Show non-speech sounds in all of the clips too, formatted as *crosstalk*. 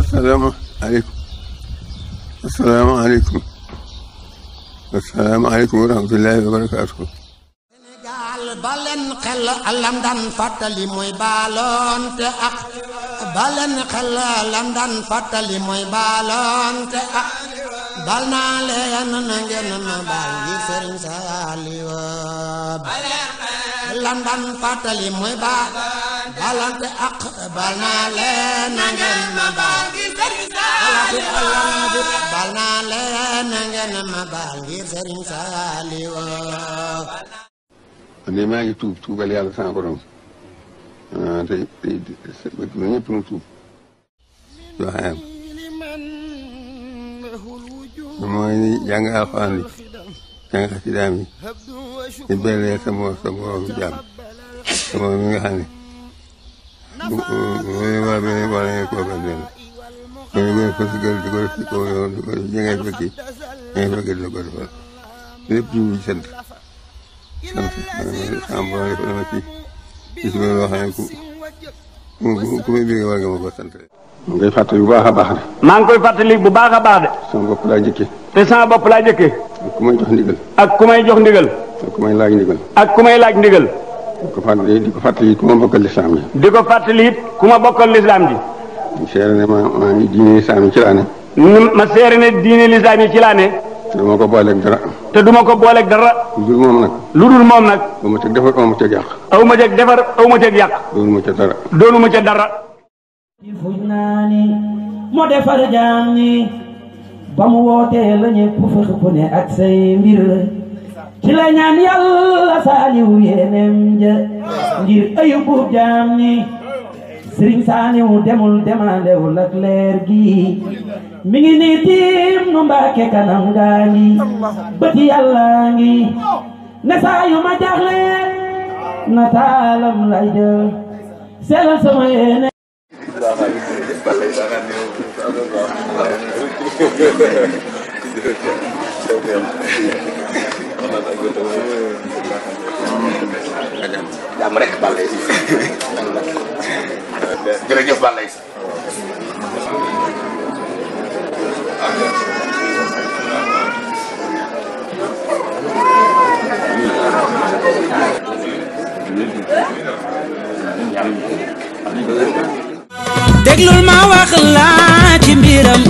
asalaamaaleykum asalaamaaleykum asalaamaaleykum wa rahmatullahi wa barakaatu. Sénégal baleen xel lam daan fàttali mooy baaloonte ak baleen xel lam daan fàttali mooy baaloonte ak bal naa leen na ngeen ma baal ngir Sëriñ Saaliw lam daan fàttali mooy baal balante ak bal naa leen na ngeen ma baal baal naa leen na baal ngir Serigne maa ngi tuub sa moom sa borom nga xam ne bu bu bu bu ñooñu ñooy fekk di ko def ci kaw yoon di ko ña ngay fekki ña ngay fekki di la ko defal lépp ci wuñ sant sant am ba defal ma ci ci suba loo xam ne ku ku ku may bëgg war nga ma ko sant. maa ngi koy fàttali bu baax a baax de. maa ngi koy fàttali bu baax a baax de. sama bopp laa njëkkee. te sama bopp laa njëkkee. ak ku may jox ndigal. ak ku may jox ndigal. ak ku may laaj ndigal. ak ku may laaj ndigal. di ko fàttali di ko fàttali ku ma bokkal lislaam ji. di ko fàttali it ku ma bokkal lislaam ji. mu seere ne ma maa ngi diine lislaam yi ci laa ma seere ne diine lislaam yi ci laa te duma ko booleeg dara. te duma ko booleeg dara. lu dul moom nag. lu dul moom nag. aw ma ca defar aw ma ca yàq. aw ma ca defar aw ma ca yàq. doonu ma ca dara. doonu ma ca dara. fuj defar jaam ba mu wootee la ñëpp fa xëpp ne ak say mbir ci la ñaan yàlla saaliw yéenem ja ngir ayubu jaam ni sering saniu demul demande ul clergi mingi nitim numba ke kanam gani beti allahangi nasayu ma jahle natalam layde sel samayene Thank *laughs* you namanya? Jamrek Balai. Gereja Balai. deglul ma wax laa ci mbiram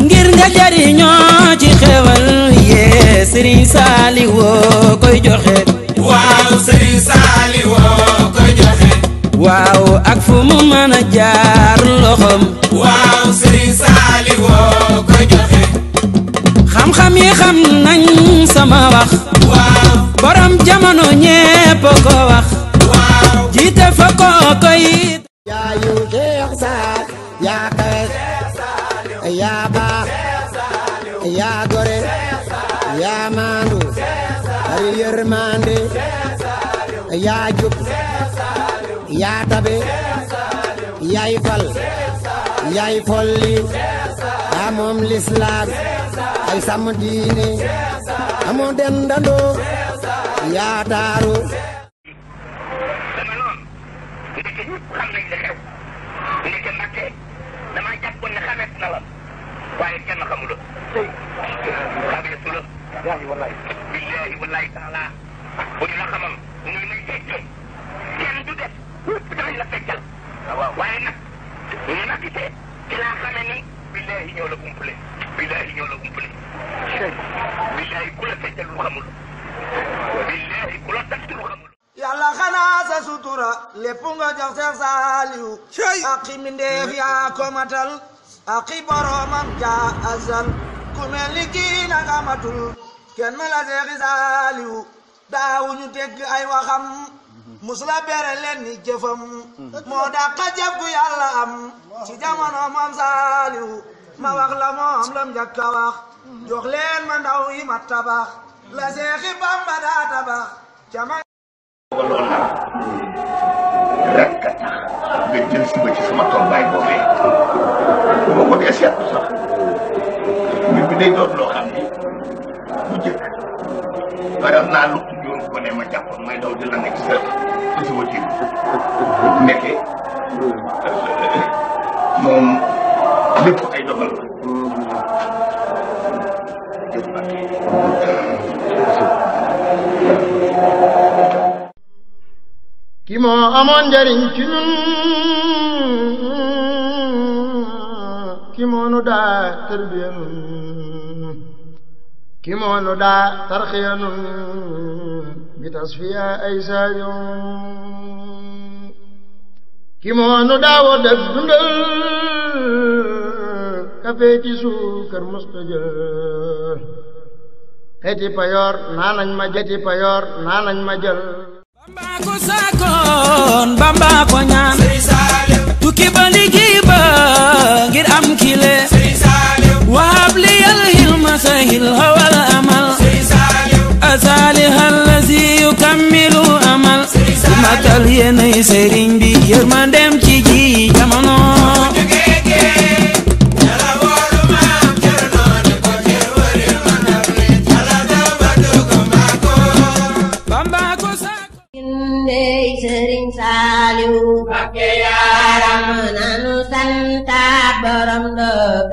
ngir nga jariñoo ci xewal ye sëriñ saali woo koy joxe ak fu mu mën a jaar loxoom. waaw Serigne Saliou ko joxe. xam-xam yi xam nañ sama wax. waaw borom jamono ñépp ko wax. waaw jiite fa kooko yi. yaa yu Cheikh Saal yaa kawe yaa baax yaa gore yaa maandu yaa jub yaa tabe yaay fal yaay folli yaa moom ay sàmm diine amoo dendandoo yaa waaw waaye nag ñu ma gisee ci laa xamee ni billaahi ñoo la umpale billaahi ñoo la umpale billaahi ku la feccal lu xamul billaahi ku la tàcc lu xamul yàlla xanaa sa sutura lépp nga jox sa saaliw aqi mindeef yaa ko matal aqi boromam jaa azal ku mel ni kii nag amatul kenn la seexi saaliw daawuñu dégg ay waxam musula bere leen ni moo dàq jëf gu am ci jamono moom saalihu ma wax la moom lam njëkk a wax jox leen ma ndaw yi ma tabax la seexi bamba daa tabax jama loolu la rek a tax nga jël si ba ci sama tolluwaay boobee boo ko dee seetlu sax mbir loo xam ni nekke moom lépp ay dogal nu daa tërbiya nun nu daa tarxiya bi tasfiya ay ki moonu daawa dëgg dundal kafee ci suukar mustajal xeeti payoor naa nañ ma jël xeeti payoor naa nañ ma jël bambaa ko saakoon bambaa ko ñaan tukki ba liggéey ba ngir am kile wahab li yal hilma sa hil hawal amal asaali allazi yukammilu amal Matali serin bir bi yermandem kiki kamono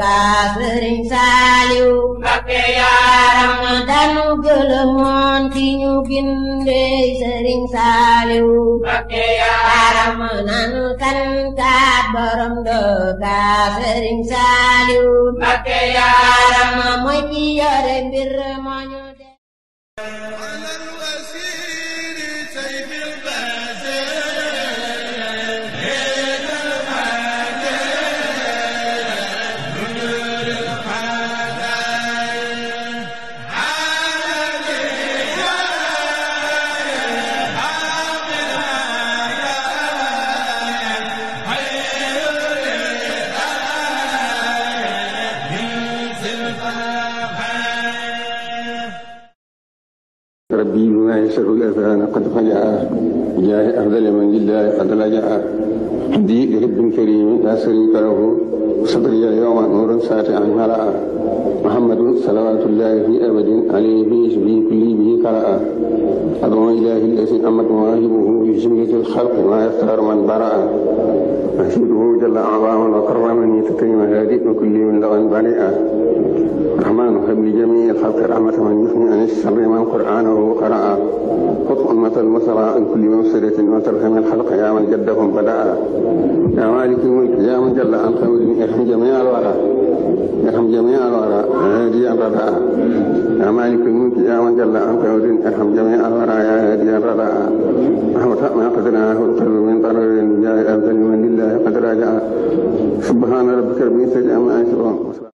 baa sëriñ saaliw mbakke yaaram danu gëlëmoon ci ñu bindee sëriñ saaliw mbakke yaaram nanu santaat borom dooga sëriñ saaliw mbakke yaaram mooy ki yore mbir mooñ الله شر الأذان قد خجعا بجاه أفضل من لله قد لجعا حمدي لرب كريم لا شريك له صدري اليوم ورنسات عن هراء محمد صلوات الله في أبد عليه به كل به قراء أدعو إله الذي أمت مواهبه بجملة الخلق ما يختار من براء اشهده جل أعظاما وكرمني تكريم هادئ وكل من لغا بريئا الرحمن حب لجميع الخلق رحمة من يثني عن الشر من قرآنه قرأ خذ أمة المثلى عن كل مبصرة وترحم الخلق يا من جدهم بدأ يا مالك الملك يا من جل عن خير ခင်ကြမင်းအရွာလားညခင်ကြမင်းအရွာလားအဲဒီအရတာနာမိုင်းကူးပြာဝန်ကြလားအံကြိုရင်ညခင်ကြမင်းအရွာရာဒီအရတာအဟောထမပဒနာဟုတ်သူဝင်ပါရယ်ညာအံဇနီဝန်လာပဒရာဇာဆုဘဟာနာရဘ်ကရ်မီဆေအမအရှော